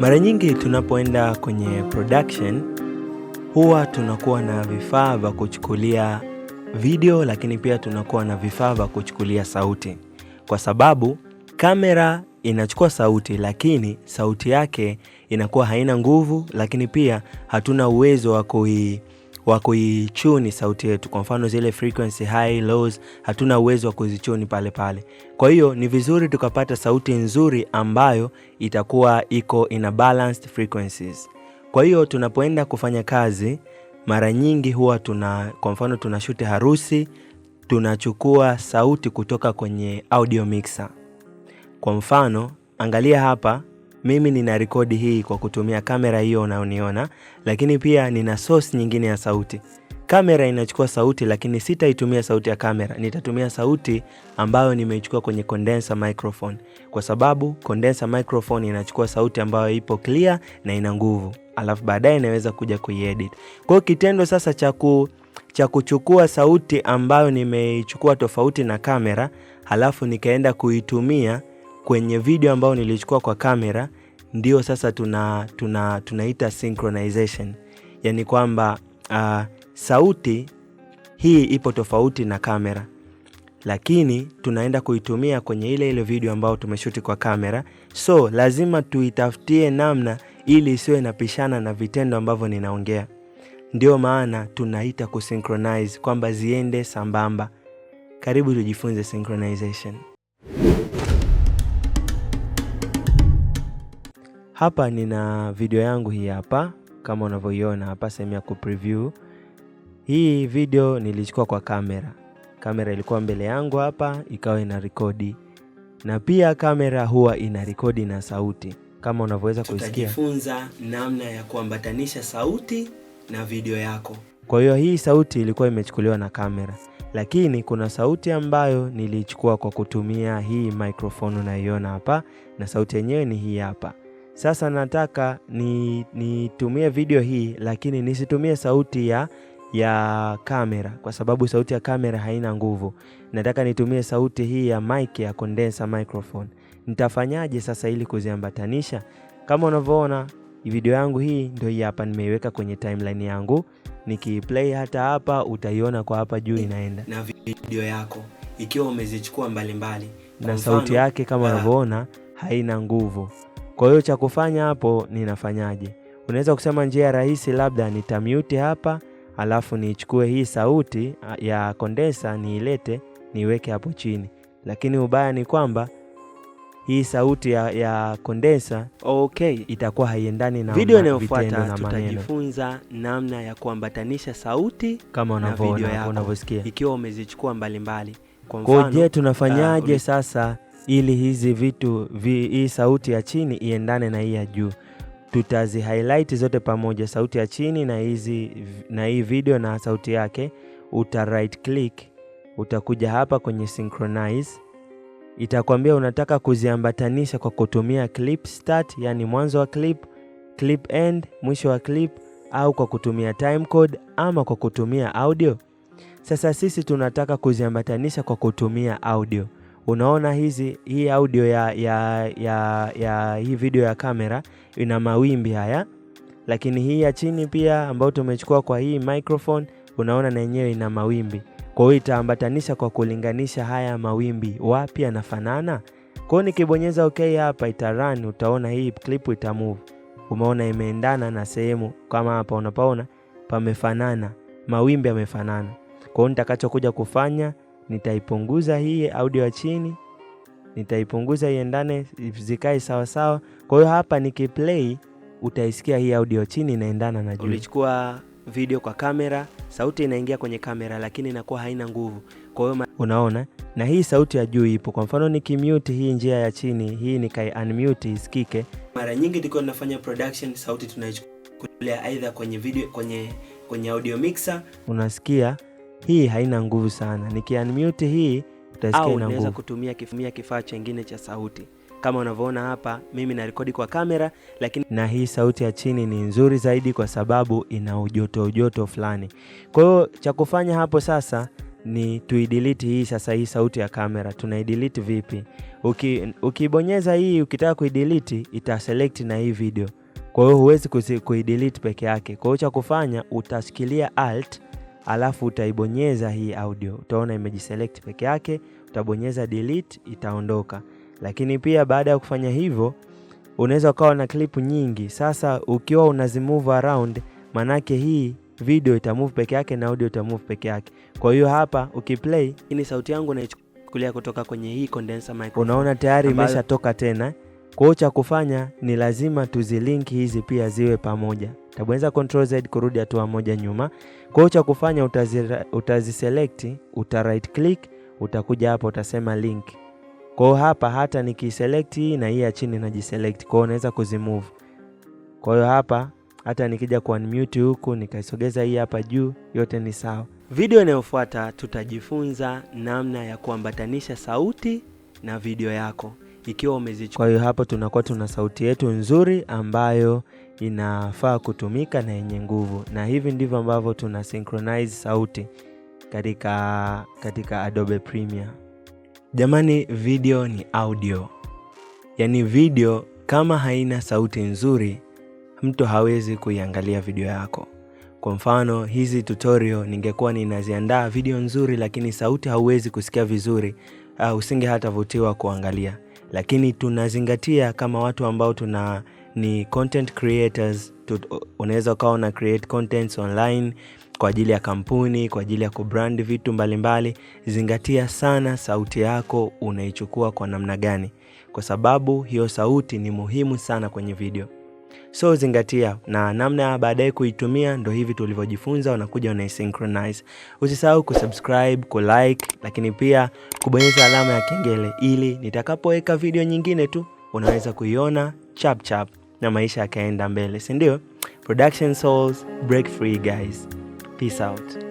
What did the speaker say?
Mara nyingi tunapoenda kwenye production huwa tunakuwa na vifaa vya kuchukulia video, lakini pia tunakuwa na vifaa vya kuchukulia sauti, kwa sababu kamera inachukua sauti, lakini sauti yake inakuwa haina nguvu, lakini pia hatuna uwezo wa kui wa kuichuni sauti yetu. Kwa mfano zile frequency high lows, hatuna uwezo wa kuzichuni pale pale. Kwa hiyo ni vizuri tukapata sauti nzuri ambayo itakuwa iko ina balanced frequencies. Kwa hiyo tunapoenda kufanya kazi, mara nyingi huwa tuna, kwa mfano tunashuti harusi, tunachukua sauti kutoka kwenye audio mixer. Kwa mfano angalia hapa mimi nina rekodi hii kwa kutumia kamera hiyo unaoniona, lakini pia nina source nyingine ya sauti. Kamera inachukua sauti, lakini sitaitumia sauti ya kamera, nitatumia sauti ambayo nimeichukua kwenye condenser microphone, kwa sababu condenser microphone inachukua sauti ambayo ipo clear na ina nguvu, alafu baadaye inaweza kuja kuiedit. Kwa hiyo kitendo sasa cha ku cha kuchukua sauti ambayo nimeichukua tofauti na kamera, halafu nikaenda kuitumia kwenye video ambayo nilichukua kwa kamera ndio sasa tuna, tuna, tunaita synchronization, yani kwamba uh, sauti hii ipo tofauti na kamera, lakini tunaenda kuitumia kwenye ile ile video ambayo tumeshuti kwa kamera, so lazima tuitafutie namna ili isiwe inapishana na vitendo ambavyo ninaongea. Ndio maana tunaita kusynchronize, kwamba ziende sambamba. Karibu tujifunze synchronization. Hapa nina video yangu hii hapa kama unavyoiona hapa sehemu ya kupreview. Hii video nilichukua kwa kamera. Kamera ilikuwa mbele yangu hapa ikawa ina rekodi, na pia kamera huwa ina rekodi na sauti kama unavyoweza kuisikia. Tutajifunza namna ya kuambatanisha sauti na video yako. Kwa hiyo hii sauti ilikuwa imechukuliwa na kamera, lakini kuna sauti ambayo nilichukua kwa kutumia hii microphone unaiona hapa, na sauti yenyewe ni hii hapa. Sasa nataka nitumie ni video hii lakini nisitumie sauti ya, ya kamera kwa sababu sauti ya kamera haina nguvu. Nataka nitumie sauti hii ya mic ya condenser microphone. Nitafanyaje sasa ili kuziambatanisha? Kama unavyoona video yangu hii ndio hii hapa, nimeiweka kwenye timeline yangu. Nikiplay hata hapa utaiona kwa hapa juu inaenda na video yako ikiwa umezichukua mbalimbali Na sauti yake kama uh, unavyoona haina nguvu. Kwa hiyo cha kufanya hapo ninafanyaje? Unaweza kusema njia rahisi labda nitamute hapa, alafu niichukue hii sauti ah, ya kondensa niilete niweke hapo chini, lakini ubaya ni kwamba hii sauti ya, ya kondensa okay, itakuwa haiendani na video inayofuata. Tutajifunza namna ya kuambatanisha sauti kama unavyoona unavyosikia, ikiwa umezichukua mbalimbali. Kwa mfano, je, ah, tunafanyaje uh, sasa ili hizi vitu vi, hii sauti ya chini iendane na hii ya juu. Tutazi highlight zote pamoja, sauti ya chini na hizi na hii video na sauti yake. Uta right click, utakuja hapa kwenye synchronize, itakwambia unataka kuziambatanisha kwa kutumia clip start, yani mwanzo wa clip, clip end, mwisho wa clip, au kwa kutumia time code ama kwa kutumia audio. Sasa sisi tunataka kuziambatanisha kwa kutumia audio unaona hizi hii audio ya, ya, ya, ya hii video ya kamera ina mawimbi haya, lakini hii ya chini pia ambayo tumechukua kwa hii microphone unaona na yenyewe ina mawimbi. Kwa hiyo itaambatanisha kwa kulinganisha haya mawimbi wapi yanafanana. Kwa hiyo nikibonyeza ok hapa ita run, utaona hii clip ita move. Umeona imeendana na sehemu kama hapa, unapaona pamefanana, mawimbi yamefanana. Kwa hiyo nitakachokuja kufanya nitaipunguza hii audio ya chini, nitaipunguza iendane, zikae sawa sawa. Kwa hiyo hapa nikiplay, utaisikia hii audio chini inaendana na juu. Ulichukua video kwa kamera, sauti inaingia kwenye kamera, lakini inakuwa haina nguvu. Kwa hiyo ma... unaona, na hii sauti ya juu ipo. Kwa mfano nikimute hii njia ya chini hii, nikai unmute isikike. Mara nyingi tulikuwa tunafanya production, sauti tunaichukulia aidha kwenye video, kwenye kwenye audio mixer, unasikia hii haina nguvu sana. Nikiunmute hii utasikia ina nguvu. Unaweza kutumia kifumia kifaa chengine cha sauti kama unavyoona hapa, mimi na rekodi kwa kamera, lakini na hii sauti ya chini ni nzuri zaidi, kwa sababu ina ujoto ujoto fulani. Kwa hiyo cha kufanya hapo sasa ni tuidiliti hii sasa, hii sauti ya kamera tunaidiliti vipi? Uki, ukibonyeza hii ukitaka kuidiliti itaselect na hii video, kwa hiyo huwezi kuidiliti peke yake. Kwa hiyo cha kufanya utashikilia alt alafu utaibonyeza hii audio, utaona imejiselect peke yake, utabonyeza delete, itaondoka. Lakini pia baada ya kufanya hivyo, unaweza ukawa na clip nyingi. Sasa ukiwa unazimove around, manake hii video itamove peke yake na audio itamove peke yake. Kwa hiyo hapa ukiplay, ni sauti yangu naichukulia kutoka kwenye hii condenser microphone, unaona tayari imeshatoka tena. Kwa hiyo cha kufanya ni lazima tuzilink hizi pia ziwe pamoja. Utabonyeza control z kurudi hatua moja nyuma. Kwa hiyo cha kufanya utazi, utaziselect uta right click, utakuja hapa utasema link. Kwa hiyo hapa hata nikiselect hii na hii ya chini najiselect, kwa hiyo naweza kuzimove. Kwa hiyo hapa hata nikija ku unmute huku nikaisogeza hii hapa juu, yote ni sawa. Video inayofuata tutajifunza namna ya kuambatanisha sauti na video yako ikiwa umezichukua. Kwa hiyo hapo tunakuwa tuna sauti yetu nzuri ambayo inafaa kutumika na yenye nguvu, na hivi ndivyo ambavyo tuna synchronize sauti katika, katika Adobe Premiere. Jamani, video ni audio, yaani video kama haina sauti nzuri mtu hawezi kuiangalia video yako. Kwa mfano hizi tutorial ningekuwa ninaziandaa video nzuri, lakini sauti hauwezi kusikia vizuri, uh, usinge hata vutiwa kuangalia lakini tunazingatia kama watu ambao tuna ni content creators, unaweza ukawa una create contents online kwa ajili ya kampuni, kwa ajili ya kubrand vitu mbalimbali mbali. Zingatia sana sauti yako unaichukua kwa namna gani, kwa sababu hiyo sauti ni muhimu sana kwenye video. So zingatia na namna ya baadaye kuitumia, ndo hivi tulivyojifunza, unakuja unaisynchronize. Usisahau kusubscribe, kulike, lakini pia kubonyeza alama ya kengele ili nitakapoweka video nyingine tu unaweza kuiona chap chap na maisha yakaenda mbele, si ndio? Production Souls, break free guys. Peace out.